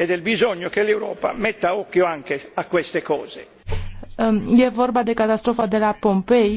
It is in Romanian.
e del bisogno che l'Europa metta occhio anche a queste cose. Ehm, e vorba de catastrofa de la Pompei,